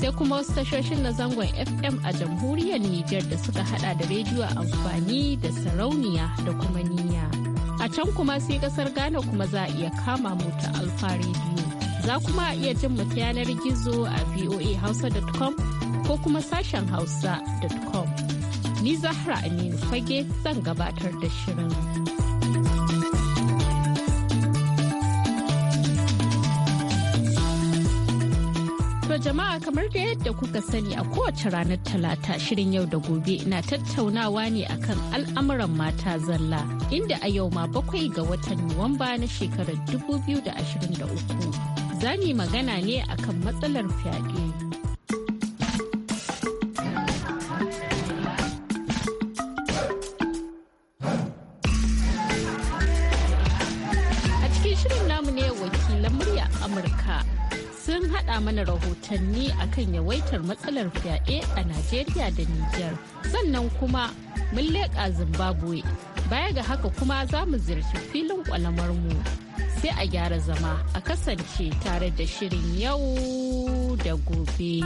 sai kuma wasu tashoshin na zangon FM a jamhuriyar Nijar da suka hada da rediyo amfani da sarauniya da kuma niyya. A can kuma sai kasar Ghana kuma za a iya kama mu ta Alfa Radio. Za kuma a iya jin mu ta yanar gizo a voahausa.com ko kuma sashen hausa.com. Ni Zahra Aminu Fage zan gabatar da shirin. jama'a kamar da yadda kuka sani a kowace ranar talata shirin yau da gobe na tattaunawa ne akan al'amuran mata zalla inda a yau ma bakwai ga watan Nuwamba na shekarar 2023. Za magana ne akan matsalar fyaɗe. mana rahotanni akan yawaitar matsalar fyaɗe a Najeriya da Nijar. Sannan kuma mun leƙa Zimbabwe. Baya ga haka kuma za mu ziyarci filin mu Sai a gyara zama a kasance tare da shirin yau da gobe.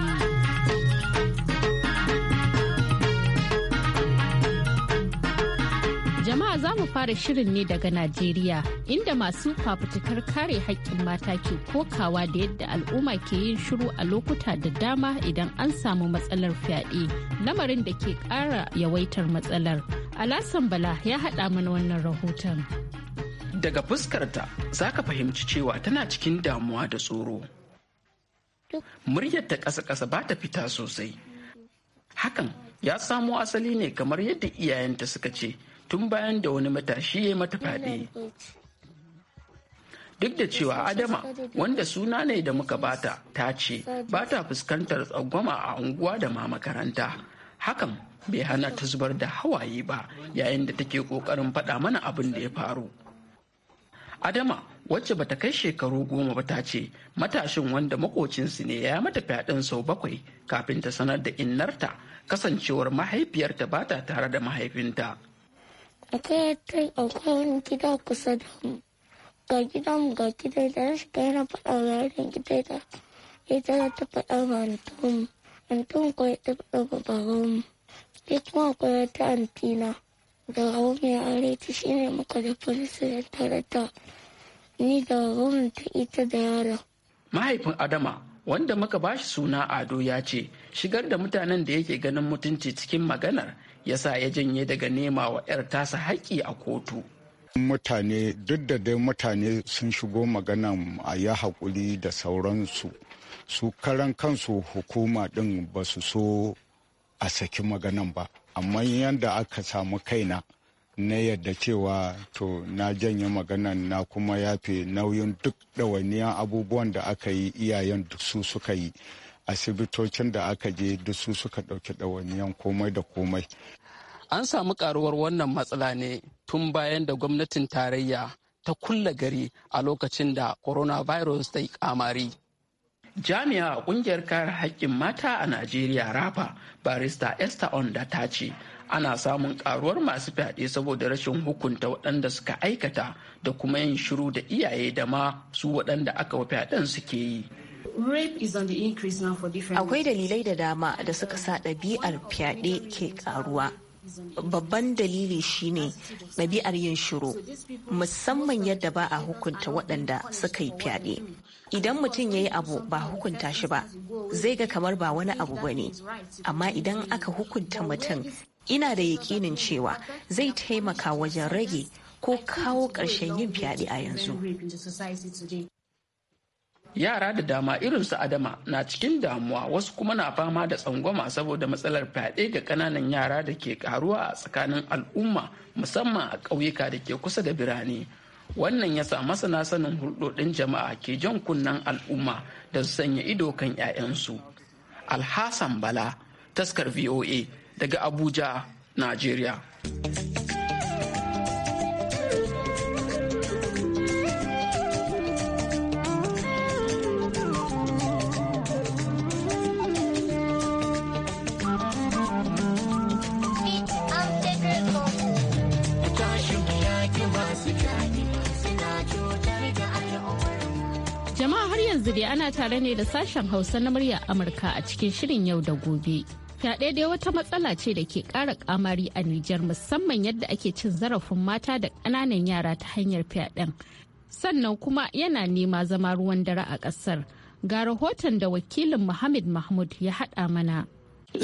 za mu fara shirin ne daga Najeriya inda masu fafutukar kare haƙƙin mata ke kokawa da yadda al'umma ke yin shiru a lokuta da dama idan an samu matsalar fyaɗe lamarin da ke ƙara yawaitar matsalar. Alasan Bala ya haɗa mana wannan rahoton. Daga fuskarta za ka fahimci cewa tana cikin damuwa da tsoro. Muryar ta ƙasa-ƙasa ba ta fita sosai. Hakan ya samo asali ne kamar yadda iyayenta suka ce. tun bayan da wani matashi ya mata fyaɗe. Duk da cewa Adama wanda suna ne da muka bata ta ce ba ta fuskantar tsangwama a unguwa da ma makaranta. Hakan bai hana ta zubar da hawaye ba yayin da take ƙoƙarin faɗa mana abin da ya faru. Adama wacce bata kai shekaru goma ba ta ce matashin wanda makocinsu ne ya mata fyaɗin sau bakwai kafin ta sanar da innarta kasancewar mahaifiyarta ba ta tare da mahaifinta. akwai wani gida kusa da mu ga gida mu ga gida da na shiga yana faɗa wa yaron gida da ita ta faɗa wa antum antum ko ita faɗa wa babanmu ya kuma akwai wata antina da hawa mai aure ta shi ne muka da polisi da tare ta ni da hawa ta ita da yaron. mahaifin adama wanda muka bashi suna ado ya ce shigar da mutanen da yake ganin mutunci cikin maganar yasa ya janye daga nema wa 'yar tasa haƙƙi a kotu mutane duk da dai mutane sun shigo maganan a yi haƙuri da sauransu su karan kansu hukuma ɗin ba su so a saki maganan ba amma yadda aka samu kaina na yadda cewa to na janye maganan na kuma yafe nauyin duk ɗawainiyan abubuwan da aka yi iyayen duk su suka yi asibitocin da aka je duk su suka ɗauki ɗawainiyan komai da komai. An samu karuwar wannan matsala ne tun bayan da gwamnatin tarayya ta kulla gari a lokacin da coronavirus ta yi kamari. Jami'a a kungiyar kare haƙƙin mata a Najeriya Rafa barista Esther Onda ta ce ana samun karuwar masu fyaɗe saboda rashin hukunta waɗanda suka aikata da kuma yin shiru da iyaye da ma su waɗanda aka wa fyaɗen suke yi. Akwai dalilai da dama da suka sa ɗabi'ar fyaɗe ke ƙaruwa. babban dalili shine ɗabi'ar yin shiru musamman yadda ba a hukunta waɗanda suka yi fyaɗe idan mutum ya yi abu ba hukunta shi ba zai ga kamar ba wani abu ba ne amma idan aka hukunta mutum ina da yakinin cewa zai taimaka wajen rage ko kawo ƙarshen yin fyaɗe a yanzu yara da dama irinsu adama na cikin damuwa wasu kuma na fama da tsangwama saboda matsalar fyaɗe ga ƙananan yara da ke karuwa a tsakanin al'umma musamman a ƙauyuka da ke kusa da birane wannan ya sa masana sanin hulɗoɗin jama'a ke jan kunnen al'umma da su sanya ido kan 'ya'yansu alhassan bala taskar voa daga abuja najeriya yanzu dai ana tare ne da sashen Hausa na murya Amurka a cikin shirin yau da gobe. Fyaɗe dai wata matsala ce da ke ƙara ƙamari a Nijar musamman yadda ake cin zarafin mata da ƙananan yara ta hanyar fyaɗen. Sannan kuma yana nema zama ruwan dare a ƙasar. Ga rahoton da wakilin Muhammad Mahmud ya haɗa mana.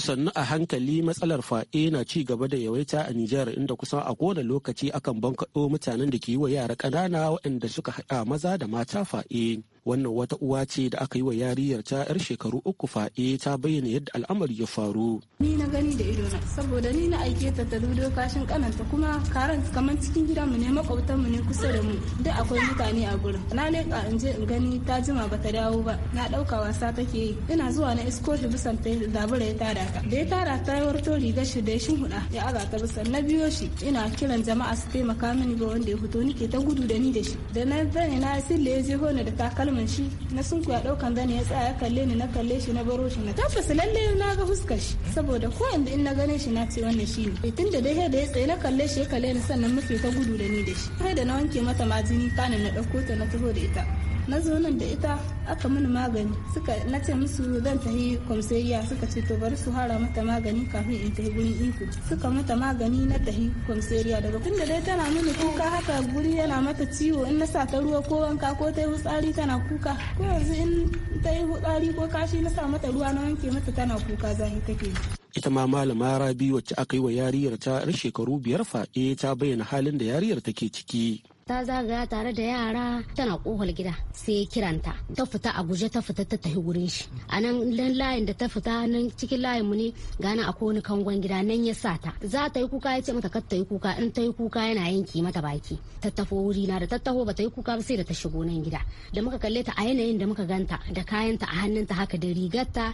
sannu a hankali matsalar fa'e na ci gaba da yawaita a Nijar inda kusan a kowane lokaci akan bankaɗo mutanen da ke yi wa yara ƙanana waɗanda suka haɗa maza da mata fa'e. wannan wata uwa ce da aka yi wa yariyar ta yar shekaru uku fa'e ta bayyana yadda al'amari ya faru ni na gani da ido na saboda ni na aike ta ta dudo kashin kananta kuma karan kamar cikin gidan mu ne makwabtan mu ne kusa da mu duk akwai mutane a gurin na ka in je in gani ta jima bata dawo ba na dauka wasa take yi ina zuwa na isko shi bisan ta zabura ya ta da ya tarata ta yi warto rigar shi da ya huda ya aza ta bisan na biyo shi ina kiran jama'a su taimaka mini ga wanda ya fito nike ta gudu da ni da shi da na zane na sille ya je hona da takalma shi na sunkuya ɗaukan zane ya tsaya ya kalle ni na kalle shi na baro shi na tafasa lalle na ga huskar shi saboda ko yanzu in na gane shi na ce wannan shi ne eh, tun da dai da ya tsaye na kalle shi ya kalle ni sannan mafi ta gudu da ni da shi kai da na wanke mata majini kanin na dauko ta na taho da ita na zo nan da ita aka mini magani suka na ce musu zan tafi kwamsariya suka ce to bari su hara mata magani kafin in tafi gurin iko suka mata magani na tafi kwamsariya daga da dai tana mini kuka haka guri yana mata ciwo in na sa ta ruwa ko wanka ko ta yi fitsari tana kuka ko yanzu in ta yi fitsari ko kashi na sa mata ruwa na wanke mata tana kuka zahi take ita ma malama rabi wacce aka yi wa yariyar ta yar shekaru biyar faɗe ta bayyana halin da yariyar take ciki ta zagaya tare da yara tana kohol gida sai ya kiranta ta fita a guje ta fita ta tafi wurin shi a nan layin da ta fita nan cikin layin mu ne gana akwai wani kangon gida nan ya sa ta za ta yi kuka ya ce mata kar ta yi kuka in ta yi kuka yana yanki mata baki ta tafi wuri na da ta taho ba ta yi kuka ba sai da ta shigo nan gida da muka kalle ta a yanayin da muka ganta da kayanta a hannunta haka da rigarta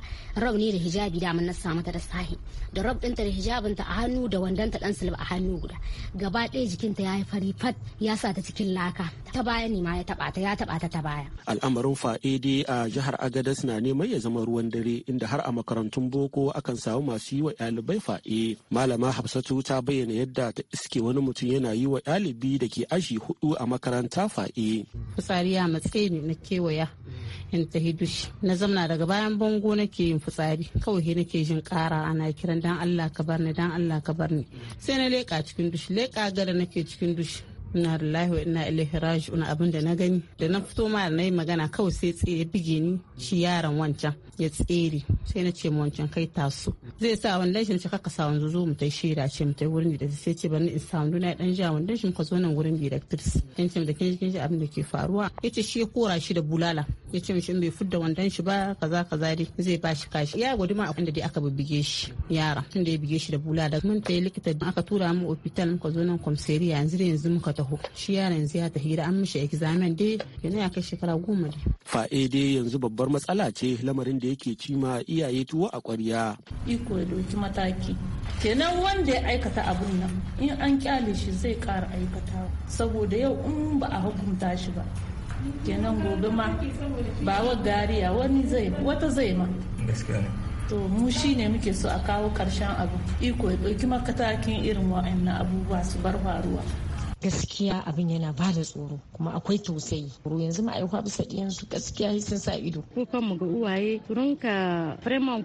rab ne da hijabi da na sa mata da sahi da rab ɗinta da hijabinta a hannu da wandonta dan silba a hannu guda gaba ɗaya jikinta ya yi fari fat ya sa ta cikin laka ta baya ne ma ya taba ta ya taba ta ta baya al'amarin fa'idi a jihar agadas na neman ya zama ruwan dare inda har a makarantun boko akan samu masu yi wa ɗalibai fa'i malama hafsatu ta bayyana yadda ta iske wani mutum yana yi wa ɗalibi da ke aji hudu a makaranta fa'i fitsari ya matse ne na kewaya in ta hidushi na zamna daga bayan bango nake yin fitsari kawai nake jin kara ana kiran dan Allah ka bar ni dan Allah ka bar ni sai na leka cikin dushi leka gada nake cikin dushi ina lillahi wa ina raji'un abin da na gani da na fito ma na yi magana kawai sai tsaye bige ni shi yaron wancan ya tsere sai na ce wancan kai taso zai sa wani shi ce kaka sa wanzu zo mu tai shaida ce mu tai wurin da sai ce bani in sa wanzu na dan ja wanda shi zo nan wurin directors yan ce da kin ji abin da ke faruwa yace shi ya kora shi da bulala ya ce mishi in bai fudda wandon shi ba kaza kaza dai zai ba shi kashi ya gudu ma a da dai aka bibbige shi yara tun da ya bige shi da bula da mun tayi likita aka tura mu hospital muka zo nan komseriya yanzu da yanzu muka taho shi yaran yanzu ya tafi an mishi examen dai yana ya kai shekara goma dai fa'e dai yanzu babbar matsala ce lamarin da yake ci ma iyaye tuwo a ƙwarya iko ya doki mataki kenan wanda ya aikata abun nan in an kyale shi zai kara aikatawa saboda yau in ba a hukunta shi ba kenan gobe ma ba wa gariya wani zai wata zai ma to mu shi ne muke so a kawo karshen abu iko ya ɗauki makatakin irin wa'annan abubuwa su bar faruwa gaskiya abin yana ba da tsoro kuma akwai tausayi yanzu ma'aikata bisa su gaskiya sun sa ido ko mu ga uwaye rinka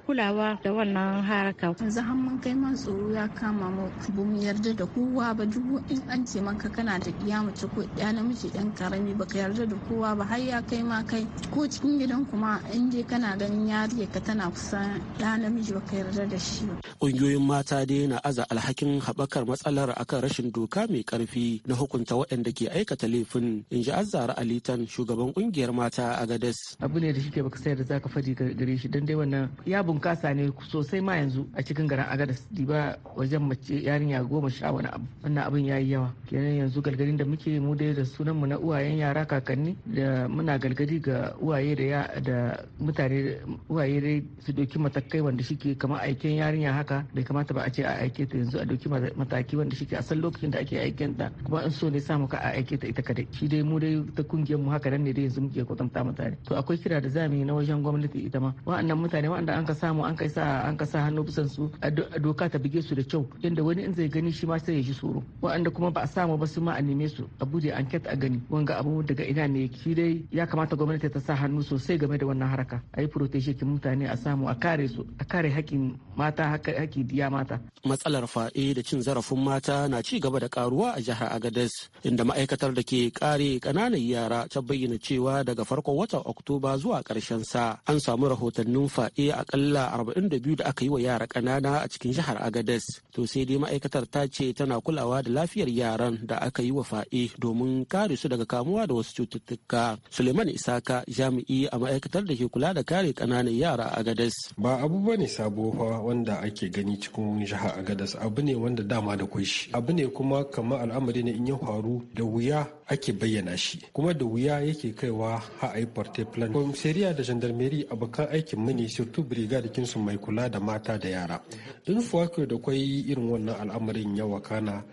kulawa da wannan haraka yanzu har mun kai man tsoro ya kama mu ba mu yarda da kowa ba duk in an ce maka kana da ɗiya mace ko ɗiya namiji ɗan karami baka yarda da kowa ba har ya kai ma kai ko cikin gidan kuma in je kana ganin yariyar ka tana kusa ɗa namiji baka yarda da shi ba ƙungiyoyin mata dai na aza alhakin haɓakar matsalar akan rashin doka mai ƙarfi na hukunta waɗanda ke aikata laifin in ji azzara alitan shugaban kungiyar mata a gadas abu ne da shike baka sayar da zaka fadi gare shi dan dai wannan ya bunkasa ne sosai ma yanzu a cikin garin agadas diba wajen mace yarinya goma sha wani abu wannan abin yayi yawa kenan yanzu galgadin da muke mu dai da sunan mu na uwayen yara kakanni da muna galgali ga uwaye da da mutane uwaye dai su doki matakai wanda shike kamar aiken yarinya haka bai kamata ba a ce a aike ta yanzu a doki mataki wanda shike a san lokacin da ake aiken ta kuma so ne samu ka a aike ta ita kadai shi dai mu dai ta kungiyar mu haka nan ne dai yanzu muke kwatanta mutane to akwai kira da zamu yi na wajen gwamnati ita ma wa'annan mutane wa'anda an ka samu an kai sa an ka sa hannu bisan su a doka ta bige su da kyau yanda wani in zai gani shi ma sai ya ji tsoro wa'anda kuma ba a samu ba su ma a neme su a bude anket a gani wanga abu daga ina ne shi dai ya kamata gwamnati ta sa hannu sosai game da wannan haraka a yi protection kin mutane a samu a kare su a kare hakkin mata haƙƙin diya mata matsalar faɗe da cin zarafin mata na ci gaba da karuwa a jihar Agades inda ma'aikatar da ke kare ƙananan yara ta bayyana cewa daga farkon watan Oktoba zuwa ƙarshen sa an samu rahotannin a kalla 42 da aka yi wa yara ƙanana a cikin jihar Agades. To sai dai ma'aikatar ta ce tana kulawa da lafiyar yaran da aka yi wa fa'i domin kare su daga kamuwa da wasu cututtuka. Suleiman Isaka jami'i a ma'aikatar da ke kula da kare ƙananan yara a Agades. Ba abu ne sabo fa wanda ake gani cikin jihar Agades abu ne wanda dama da kwai Abu ne kuma kamar al'amari ne in ya faru da wuya ake bayyana shi kuma da wuya yake kaiwa ha a yi porte plan komisariya da gendarmerie abokan aikin mu ne surtu brigadikin su mai kula da mata da yara don fuwa da kwai irin wannan al'amarin yawa kana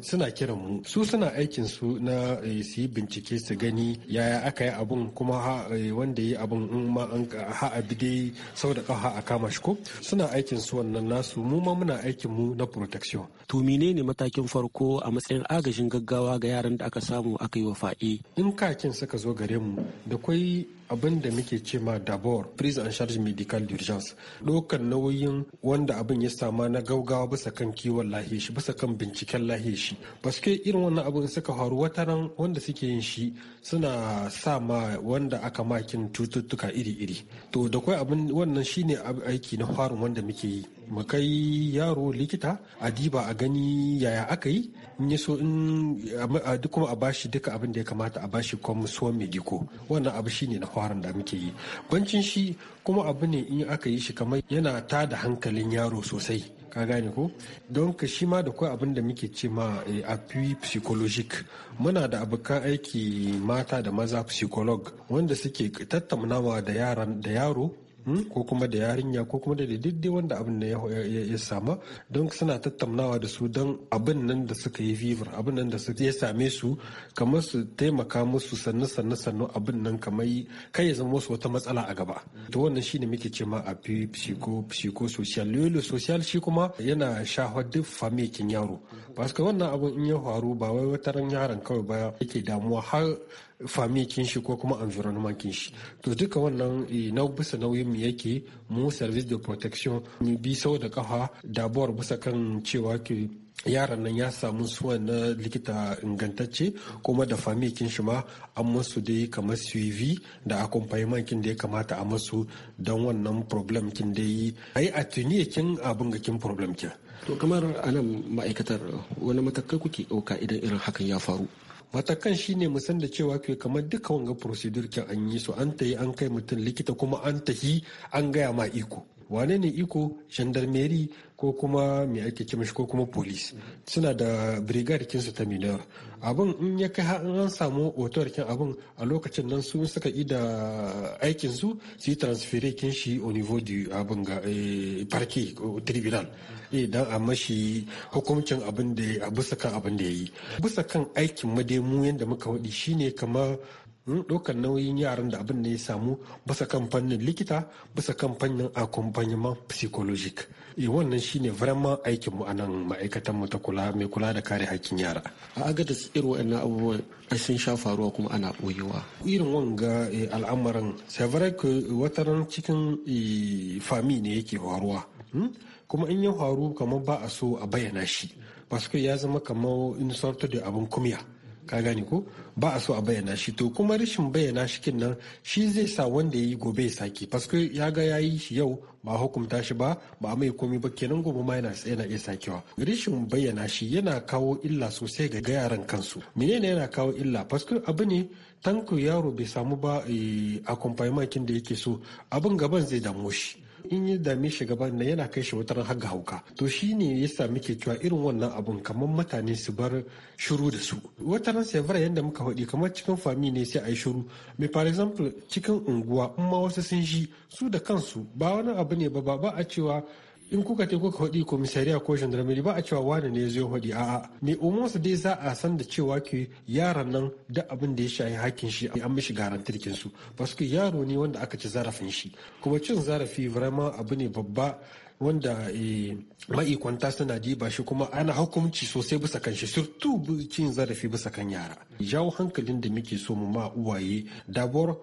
suna kiran mu su suna aikin su na eh, su yi bincike su gani yaya aka yi abun kuma eh, wanda ya yi abun in ma an ha a bide sau da ha a kama shi ko suna aikin su wannan nasu mu ma muna aikin mu na protection to menene matakin farko a matsayin agajin gaggawa ga yaran da aka samu a aka yi wa fa'i. In kakin suka zo gare mu da kwai abin da muke ce ma dabor prison and charge medical d'urgence ɗaukar nauyin wanda abin ya sama na gaugawa bisa kan kiwon lahiya shi bisa kan binciken lahiya shi baske irin wannan abin suka faru wataran wanda suke yin shi suna sa ma wanda aka makin cututtuka iri-iri to da kwai abin wannan shine aiki na farin wanda muke yi mu kai yaro likita a diba a gani yaya aka yi in ya so in kuma a bashi duka abin da ya kamata a bashi kwamsuwan mediko wannan abu shine na farin da muke yi bancin shi kuma abu ne in aka yi shi kamar yana ta da hankalin yaro sosai ka gane ko don ka shi ma da kawai abin da muke ce ma eh, appui psychologique muna da abokan aiki mata da maza psycholog wanda suke tattaunawa da yaro Hmm? ko kuma da yarinya ko kuma da daidai wanda abin da ya sama don suna tattaunawa da su don abin nan da suka yi fever abin nan da suka ya same su kamar su taimaka musu sannu sannu sannu abin nan kamar kai ya zama musu wata matsala a gaba to wannan shine muke ce ma a psycho psycho social lolo social shi kuma yana shahwa duk famikin yaro ba su wannan abin in ya faru ba wai wata ran yaron kawai ba yake damuwa har fami kinshi ko kuma environment kinshi to duka wannan eh, na bisa nauyin mu yake mu service de protection mu bi sau da kafa dabuwar bisa kan cewa ke yaran nan ya samu suwa na likita ingantacce kuma da famikin shi ma an masu dai kamar suivi da accompaniment kin da ya kamata a masu don wannan problem kin da yi a yi a kin abin ga kin problem kin to kamar anan ma'aikatar wani matakai kuke ɗauka idan irin hakan ya faru matakan shine mu da cewa ke kamar duka wanga procedure kin an yi su an tayi an kai mutum likita kuma an tahi an gaya ma iko wane ne iko gendarmerie ko kuma me ake ce ko kuma police suna da brigade kinsu ta minor abin in ya kai har an samu otor kin abin a lokacin nan su suka yi da aikin su su yi transfere kin shi au niveau du abin ga eh, parke tribunal eh dan a mashi hukuncin abin da a bisa kan abin da ya yi bisa kan aikin mu yadda muka wadi shine kamar ɗaukar nauyin yaran da abin da ya samu basa kan fannin likita basa kan fannin accompagnement psychologic. Eh, wannan shine vraiment aikin mu anan ma'aikatan mu ta kula mai kula da kare hakkin yara a agadas irin wa'annan abubuwan sun sha faruwa kuma ana boyewa irin wanga eh, al'amuran c'est vrai que wataran cikin eh, fami ne yake faruwa hmm? kuma in ya faru kamar ba a so a bayyana shi parce ya zama kamar in da abin kumya ka gane ko ba a so a bayyana shi to kuma rashin bayyana shi kin nan shi zai sa wanda ya yi gobe ya sake paske ya ga yayi shi yau ba hukunta shi ba ba mai komi ba kenan gobe ma yana tsaye na iya sakewa rashin bayyana shi yana kawo illa sosai ga yaran kansu menene yana kawo illa paske abu ne tanko yaro bai samu ba eh, a makin da yake so abin gaban zai damu shi in ya dame shi gaban na yana kai shi wutar har hauka to shi ne yasa muke cewa irin wannan abun kamar mutane su bar shiru da su wata ran sai bara muka faɗi kamar cikin fami ne sai a yi shiru me for example cikin unguwa in ma wasu sun shi su da kansu ba wani abu ne ba ba a cewa in kuka te kuka hudi komisariya ko gendarmerie ba a cewa wani ne zai hudi a'a me umarsu dai za a san da cewa ke yaran nan da abin da ya shayi hakkin shi an mishi garantirkin su basu yaro ne wanda aka ci zarafin shi kuma cin zarafi vraiment abu ne babba wanda eh, ma'ikwanta suna diba shi kuma ana hukunci sosai bisa kan shi surtu cin zarafi bisa kan yara jawo hankalin da muke so mu ma uwaye dabor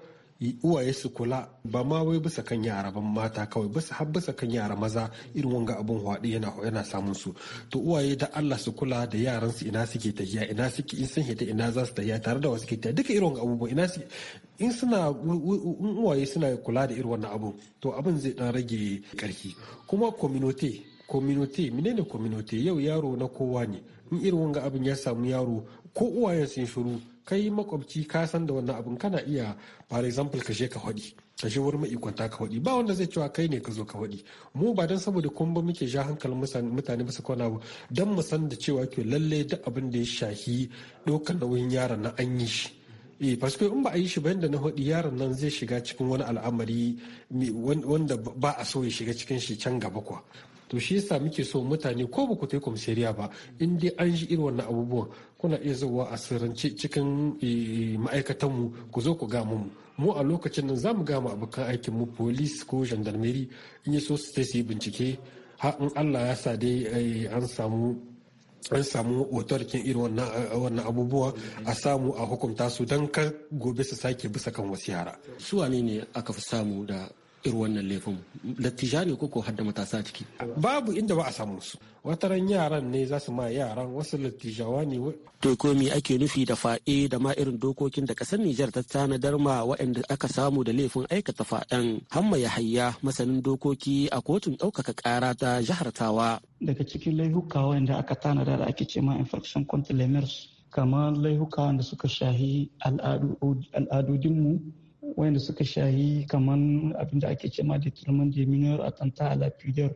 uwaye su kula ba ma wai bisa kan yara ban mata kawai bisa har bisa kan yara maza irin wanga abun hwaɗe yana yana samun su to uwaye da Allah su kula da yaran su ina suke tafiya ina suke in sun hita ina za su tafiya tare da wasu ke tafiya duka irin wanga abubuwa ina su in suna in uwaye suna kula da irin wannan abu to abin zai dan rage karfi kuma community community menene community yau yaro na kowa ne in irin wanga abin ya samu yaro ko uwayen sun shiru kai makwabci ka san da wannan abun kana iya for example ka je ka faɗi ka je wurin ma'ikwanta ka faɗi ba wanda zai cewa kai ne ka zo ka faɗi mu ba don saboda kun ba muke ja hankalin mutane su kwana ba don mu san da cewa ke lalle duk abin da ya shahi ɗaukar nauyin yaron na an yi shi eh paske in ba a yi shi ba da na hudu yaron nan zai shiga cikin wani al'amari wanda ba a so ya shiga cikin shi can gaba kuwa to shi yasa muke so mutane ko ba ku tai komisariya ba in dai an ji irin wannan abubuwan kuna iya zuwa a sirrance cikin eh, eh, ma'aikatanmu ku zo ku ga mu mu a lokacin nan za mu gama abokan aikin mu police ko gendarmerie in ya so su su yi bincike har in allah ya sa dai eh, an samu an samu otorkin irin wannan abubuwa a samu a hukunta su don kar gobe su sake bisa kan wasu yara. Su ne aka fi samu da irin wannan laifin lattija ne ko hadda matasa ciki babu inda ba a samu su wataran yaran ne za su ma yaran wasu lattijawa ne to ko me ake nufi da fa'e da ma irin dokokin da kasar Nijar ta tanadar ma waɗanda aka samu da laifin aikata fa'en hamma ya hayya masanin dokoki a kotun ɗaukaka ƙara ta jihar Tawa daga cikin laifuka wanda aka tanada da ake ma infection contre les mers kamar laifuka wanda suka shahi al'adudinmu wayanda suka shahi kamar abinda ake cema da tilman da minor atanta a lafiyar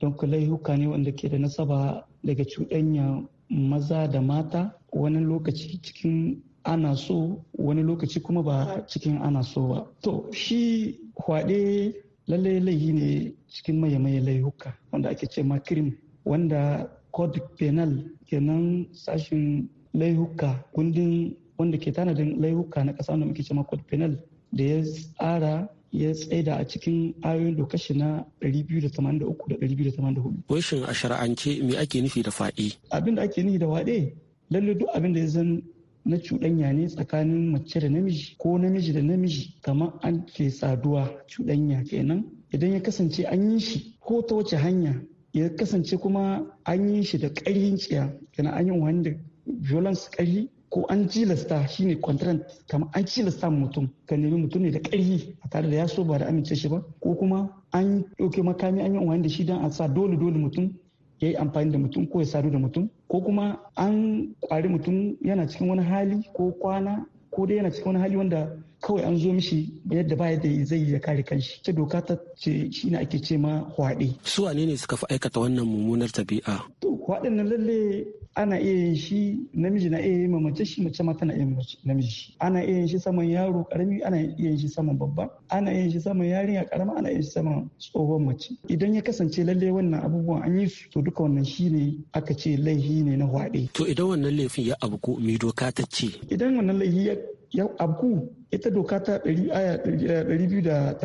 don laihuka ne wanda ke da nasaba daga cuɗanya maza da mata wani lokaci cikin ana so wani lokaci kuma ba cikin ana so ba to shi kwaɗe lallai laihi ne cikin maye-maye laihuka wanda ake ce ma kirim wanda code penal kenan sashin laihuka kundin wanda ke tanadin laihuka na ƙasa wanda muke ce ma code penal da ya tsara ya tsaida a cikin ayoyin shi na 283 da 284. Wishin a shara'ance me ake nufi da fa'i? Abin da ake nufi da waɗe lalle duk abin da ya zan na cuɗanya ne tsakanin mace da namiji ko namiji da namiji kamar an ke saduwa cuɗanya kenan idan ya kasance an yi shi ko ta wace hanya ya kasance kuma an yi shi da ƙarfin tsiya kenan an yi wani da violence ƙarfi ko an shi ne contract kamar an cilasta mutum ka nemi mutum ne da ƙarfi a tare da ya so ba da amince shi ba ko kuma an ɗauke makami an yi amfani da shi don a sa dole dole mutum ya yi amfani da mutum ko ya sadu da mutum ko kuma an kwari mutum yana cikin wani hali ko kwana ko dai yana cikin wani hali wanda kawai an zo mishi yadda ba da zai ya kare kanshi ta doka ta ce shi ne ake ce ma hwaɗe. su wane ne suka fi aikata wannan mummunar tabi'a to hwaɗin nan lalle ana iya yin shi namiji na iya yin mace shi mace ma tana iya namiji ana iya yin shi saman yaro karami ana iya yin shi saman babba ana iya yin shi saman yarinya karama ana iya yin shi saman tsohon mace idan ya kasance lalle wannan abubuwan an yi su to duka wannan shi ne aka ce laifi ne na hwaɗe to idan wannan laifin ya abu ko mi doka ta ce idan wannan laifi ya ya Abu ita doka ta 284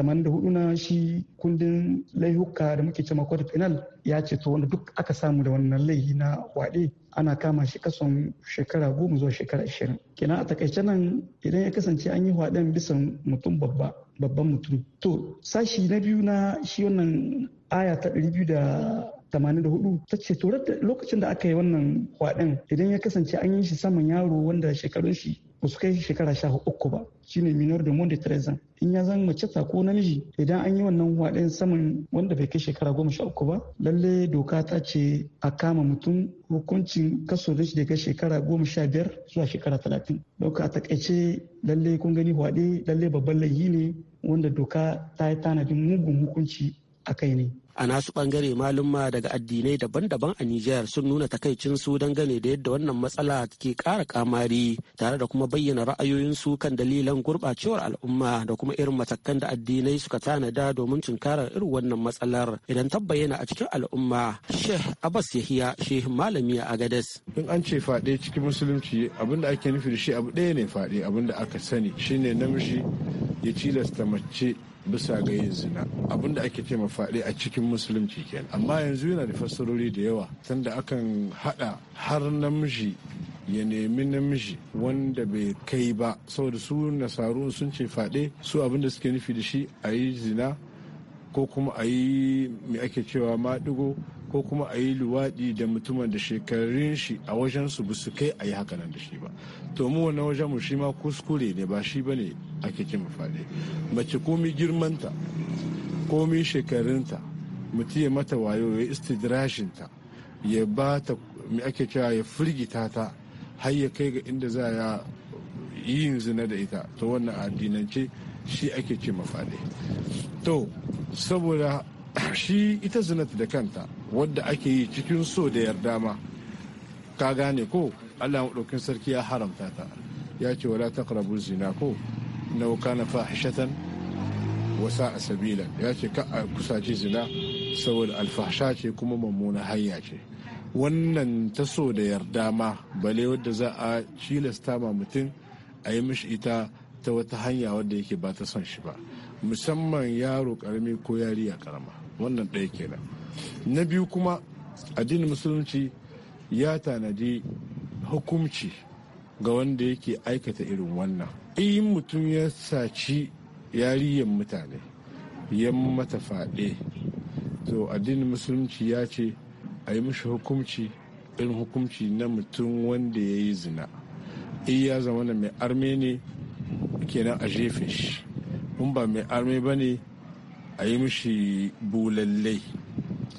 na shi kundin laihuka da muke cewa kwata penal ya ce to wanda duk aka samu da wannan laihi na waɗe ana kama shi kason shekara goma zuwa shekara ashirin kenan a takaice nan idan ya kasance an yi waɗen bisan mutum babba babban mutum to sashi na biyu na shi wannan aya ta 84 ta ce to lokacin da aka yi wannan kwaɗin idan ya kasance an yi shi saman yaro wanda shekarun shi ba su kai shekara sha uku ba shine minor da monde trezan in ya zan mace ta ko namiji idan an yi wannan waɗin saman wanda bai kai shekara goma sha uku ba lalle doka ta ce a kama mutum hukuncin kaso da shi daga shekara goma sha biyar zuwa shekara talatin doka a takaice lalle kun gani waɗe lalle babban laifi ne wanda doka ta yi tanadin mugun hukunci a kai ne. A nasu bangare malumma daga addinai daban-daban a Nijar sun nuna takaicin takaicinsu dangane da yadda wannan matsala ke kara kamari tare da kuma bayyana ra'ayoyinsu kan dalilan gurɓacewar al'umma da kuma irin matakan da addinai suka tanada domin tunkarar irin wannan matsalar idan ta bayyana a cikin al'umma. Sheikh Abbas Yahiya Sheikh Malami a gadas In an ce faɗe cikin musulunci abin da ake nufi da shi abu ɗaya ne faɗe abin da aka sani shine namiji ya cilasta mace bisa ga yin zina abin da ake cema faɗi a cikin musulunci kenan amma yanzu yana da fassarori da yawa tunda akan haɗa har namiji ya nemi namiji wanda bai kai ba saboda su nasaru sun ce faɗe su abin da suke nufi da shi a yi zina ko kuma a yi mai ake cewa maɗigo ko kuma a yi luwaɗi da mutumin da shekarun shi a wajen su su kai a yi haka nan da shi ba to mu wannan wajen mu shi ma kuskure ne ba shi bane ake kin faɗi mace komi girmanta komi shekarunta mutum ya mata wayo ya istidrashinta ya ba ta me ake cewa ya firgita ta har ya kai ga inda za ya yin zina da ita to wannan addinance shi ake ce mafaɗe to saboda shi ita zinata da kanta wadda ake yi cikin so da yarda ma ka gane ko allah maɗaukin sarki ya haramta ta ya ce wala taqrabu zina ko na kana fahishatan wasa a sabila ya ce ka a kusace zina saboda alfahsha ce kuma mummuna hanya ce wannan ta so da yarda ma bale wadda za a cilasta ma mutum a yi mishi ita ta wata hanya wadda yake ba ta son shi ba musamman yaro karami ko yariya karama wannan ɗaya kenan na biyu kuma addinin musulunci ya tanadi hukumci ga wanda yake aikata irin wannan in mutum ya saci yariyan mutane ya mata faɗe to addinin musulunci ya ce a yi mishi hukumci irin hukumci na mutum wanda ya yi zina in ya zama na mai arme ne kenan a jefe shi in ba mai arme ba ne a yi mishi bulallai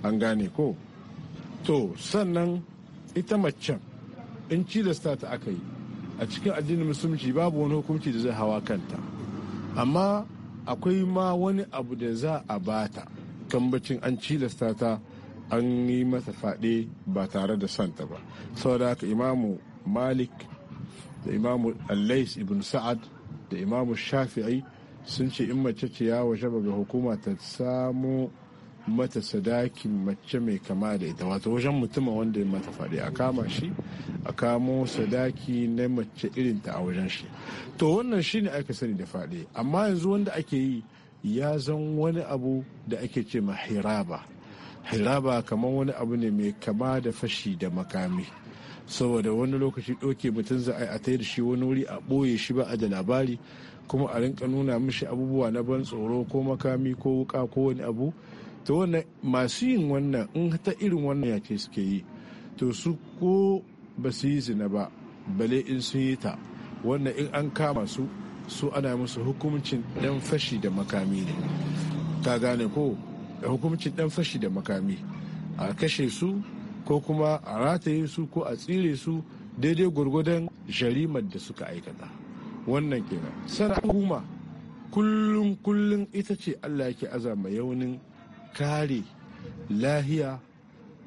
an gane ko to sannan ita macen in cilasta ta aka yi a cikin addinin musulunci babu wani hukunci da zai hawa kanta amma akwai ma wani abu da za a bata kambacin an cilasta ta an yi mata fade ba tare da santa ba saboda haka imamu malik da imamu allais ibn sa'ad da imamu shafi'ai sun ce in mace ce ya waje ga hukuma ta samu mata sadakin mace mai kama da ita wato wajen mutuma wanda ya mata faɗi a kama shi a kamo sadaki na mace irin ta a wajen shi to wannan shine aka sani da faɗi amma yanzu wanda ake yi ya zan wani abu da ake ce ma hiraba hiraba kamar wani abu ne mai kama da fashi da makami saboda wani lokaci doke mutum za a yi a tayar shi wani wuri a ɓoye shi ba a da labari kuma a rinka nuna mishi abubuwa na ban tsoro ko makami ko wuka ko wani abu ta wannan masu yin wannan in ta irin wannan yace suke yi to su ko ba su yi zina ba bale in sun yi ta wannan in an kama su su ana musu hukumcin dan fashi da makami ne ka gane ko hukumcin dan fashi da makami a kashe su ko kuma a rataye su ko a tsire su daidai gwargwadon jarimar da suka aikata wannan kenan sana'a kuma kullum kullum ita ce allah yake azama yaunin kare lahiya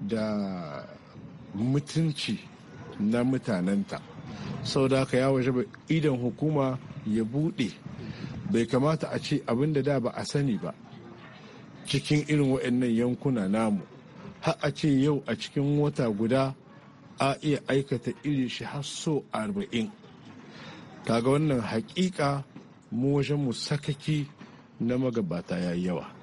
da mutunci na mutanenta sau da aka ya waje idan hukuma ya buɗe bai kamata a ce abinda da ba a sani ba cikin irin waɗannan yankuna namu har a ce yau a cikin wata guda a iya aikata irin shi har so arba'in kaga wannan hakika mu wajen mu sakaki na magabata ya yawa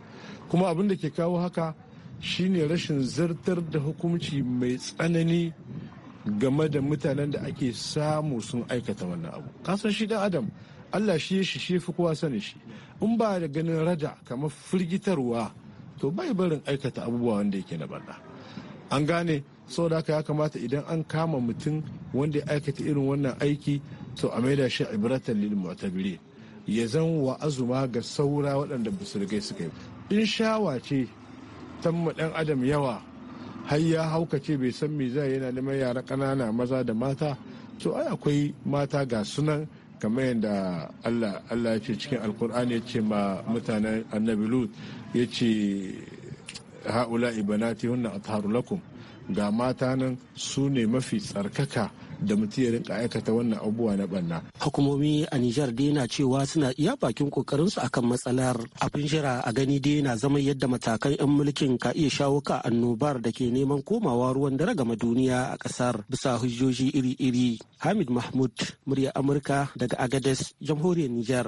kuma abin da ke kawo haka shine rashin zartar da hukunci mai tsanani game da mutanen da ake samu sun aikata wannan abu kasan shi dan adam allah shi ya shi fi kowa sani shi in ba da ganin rada kamar firgitarwa to bai barin aikata abubuwa wanda yake na banda an gane saboda haka ya kamata idan an kama mutum wanda ya aikata irin wannan aiki to a maida shi ibratan lil ya zan wa azuma ga saura waɗanda ba su rigai suka yi in shawa ce ta dan adam yawa har ya haukace bai san me zai yana neman yara ƙanana maza da mata to ai akwai mata ga sunan kamar yadda Allah Allah ya ce cikin alkur'ani ya ce ma mutanen annabi lut ya ce ha'ula ibanati hunna atharu ga mata nan su ne mafi tsarkaka da mutum ya rinka aikata wannan abubuwa na banna. Hukumomi a Nijar dai na cewa suna iya bakin kokarin su akan matsalar abin jira a gani dai na zama yadda matakan 'yan mulkin ka iya shawo ka annobar da ke neman komawa ruwan dare game duniya a kasar bisa hujjoji iri-iri. Hamid Mahmud, murya Amurka daga Agades, jamhuriyar Nijar.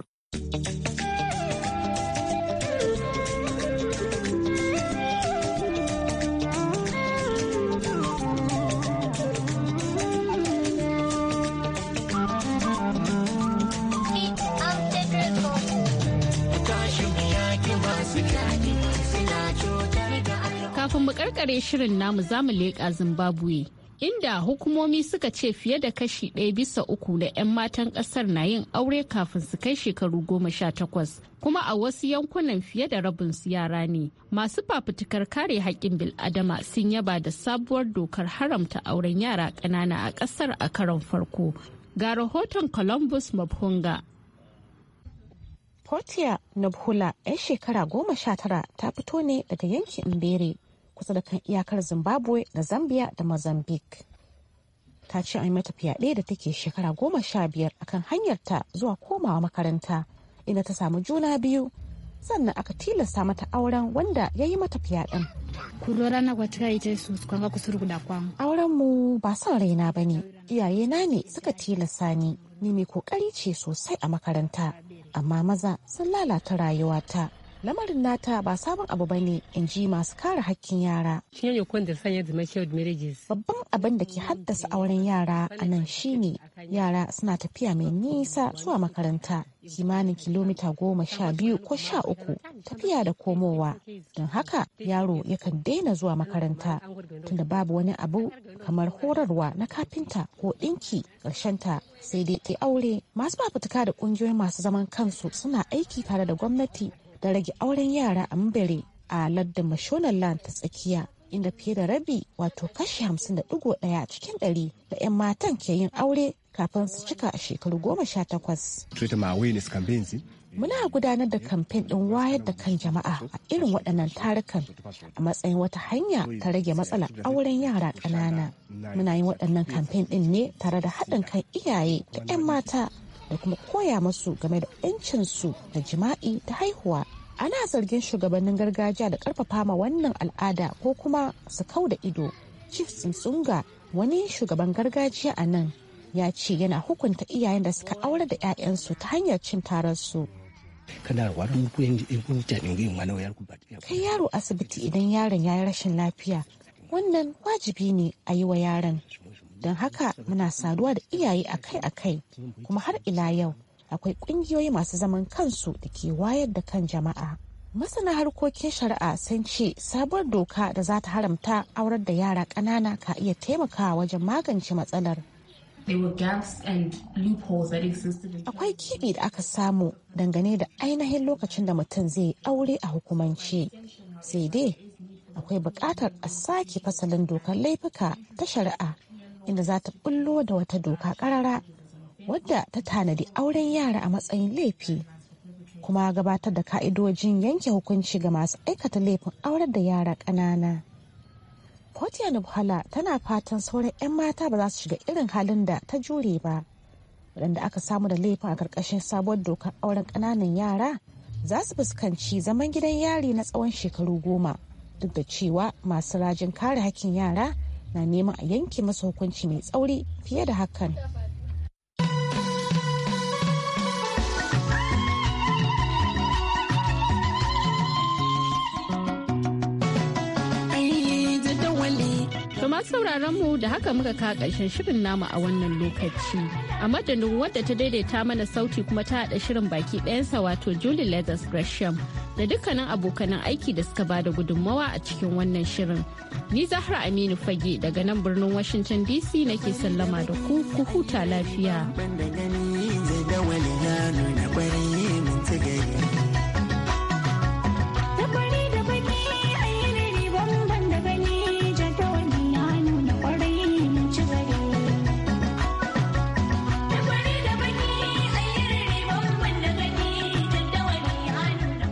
karkare shirin namu zamu leƙa Zimbabwe. Inda hukumomi suka ce fiye da kashi ɗaya bisa uku na 'yan matan ƙasar na yin aure kafin su kai shekaru goma sha takwas, kuma a wasu yankunan fiye da rabin su yara ne. Masu fafutukar kare haƙƙin bil'adama sun yaba da sabuwar dokar haramta auren yara ƙanana a ƙasar a karon farko. Ga rahoton Columbus Mabhunga Portia Nabhula 'yan shekara goma sha tara ta fito ne daga yankin Mbere kusa da kan iyakar zimbabwe da zambia da mozambique ta ce an yi mata fyaɗe da take shekara goma sha biyar akan hanyarta zuwa komawa makaranta inda ta samu juna biyu sannan aka tilasta mata auren wanda ya yi mata fyaɗen. kulorana su kwanga auren mu ba son raina ba ne iyayena ne suka tilasta ni ni mai kokari ce sosai a makaranta amma maza sun lalata rayuwata lamarin nata ba sabon abu ba ne in ji masu kare hakkin yara. Babban abin da ke haddasa auren yara a nan shine yara suna tafiya mai nisa zuwa makaranta kimanin kilomita goma sha biyu ko sha uku tafiya da komowa don haka yaro yakan daina zuwa makaranta tunda babu wani abu kamar horarwa na kafinta ko ɗinki ƙarshenta sai dai ke aure masu fafutuka da ƙungiyoyin masu zaman kansu suna aiki tare da gwamnati da rage auren yara a mabere a lardin mashonaland ta tsakiya inda fiye da rabi wato kashi hamsin da daya cikin ɗari da 'yan matan ke yin aure kafin su cika a shekaru goma sha takwas. Muna gudanar da kamfen ɗin wayar da kan jama'a a irin waɗannan tarukan a matsayin wata hanya ta rage matsala auren yara ƙanana. Muna yin waɗannan kamfen ɗin ne tare da haɗin kan iyaye da 'yan mata da kuma koya masu game da 'yancinsu da jima'i ta haihuwa ana zargin shugabannin gargajiya da karfafa ma wannan al'ada ko kuma su kau da ido chief tsuntsunga wani shugaban gargajiya a nan ya ce yana hukunta iyayen da suka aure da 'ya'yansu ta hanyar cin tararsu kai yaro asibiti idan yaron ya yi rashin lafiya wannan wajibi ne a yi wa yaron Don haka muna saduwa da iyaye akai-akai kuma har ila yau akwai ƙungiyoyi masu zaman kansu da ke wayar da kan jama'a. Masana harkokin shari'a sun ce sabuwar doka da za ta haramta aurar da yara ƙanana ka iya taimakawa wajen magance matsalar. Akwai kibi da aka samu dangane da ainihin lokacin da mutum zai aure a hukumance. Sai dai akwai buƙatar a sake fasalin dokar laifuka ta shari'a inda za ta bullo da wata doka karara wadda ta tanadi auren yara a matsayin laifi kuma gabatar da ka'idojin yanke hukunci ga masu aikata laifin aurar da yara ƙanana. Fotiya Nubhala tana fatan sauran 'yan mata ba za su shiga irin halin da ta jure ba. Waɗanda aka samu da laifin a ƙarƙashin sabuwar dokar auren ƙananan yara za su fuskanci zaman gidan yari na tsawon shekaru goma duk da cewa masu rajin kare hakkin yara na neman a yanke masa hukunci mai tsauri fiye da hakan sauraron mu da haka muka ka ƙarshen shirin namu a wannan lokaci. A madadin wadda ta daidaita mana sauti kuma ta haɗa shirin baki ɗayansa wato juli Leathers Gresham da dukkanin abokanan aiki da suka bada gudunmawa a cikin wannan shirin. Ni Zahra Aminu Fage daga nan birnin Washington DC nake sallama da ku ku huta lafiya.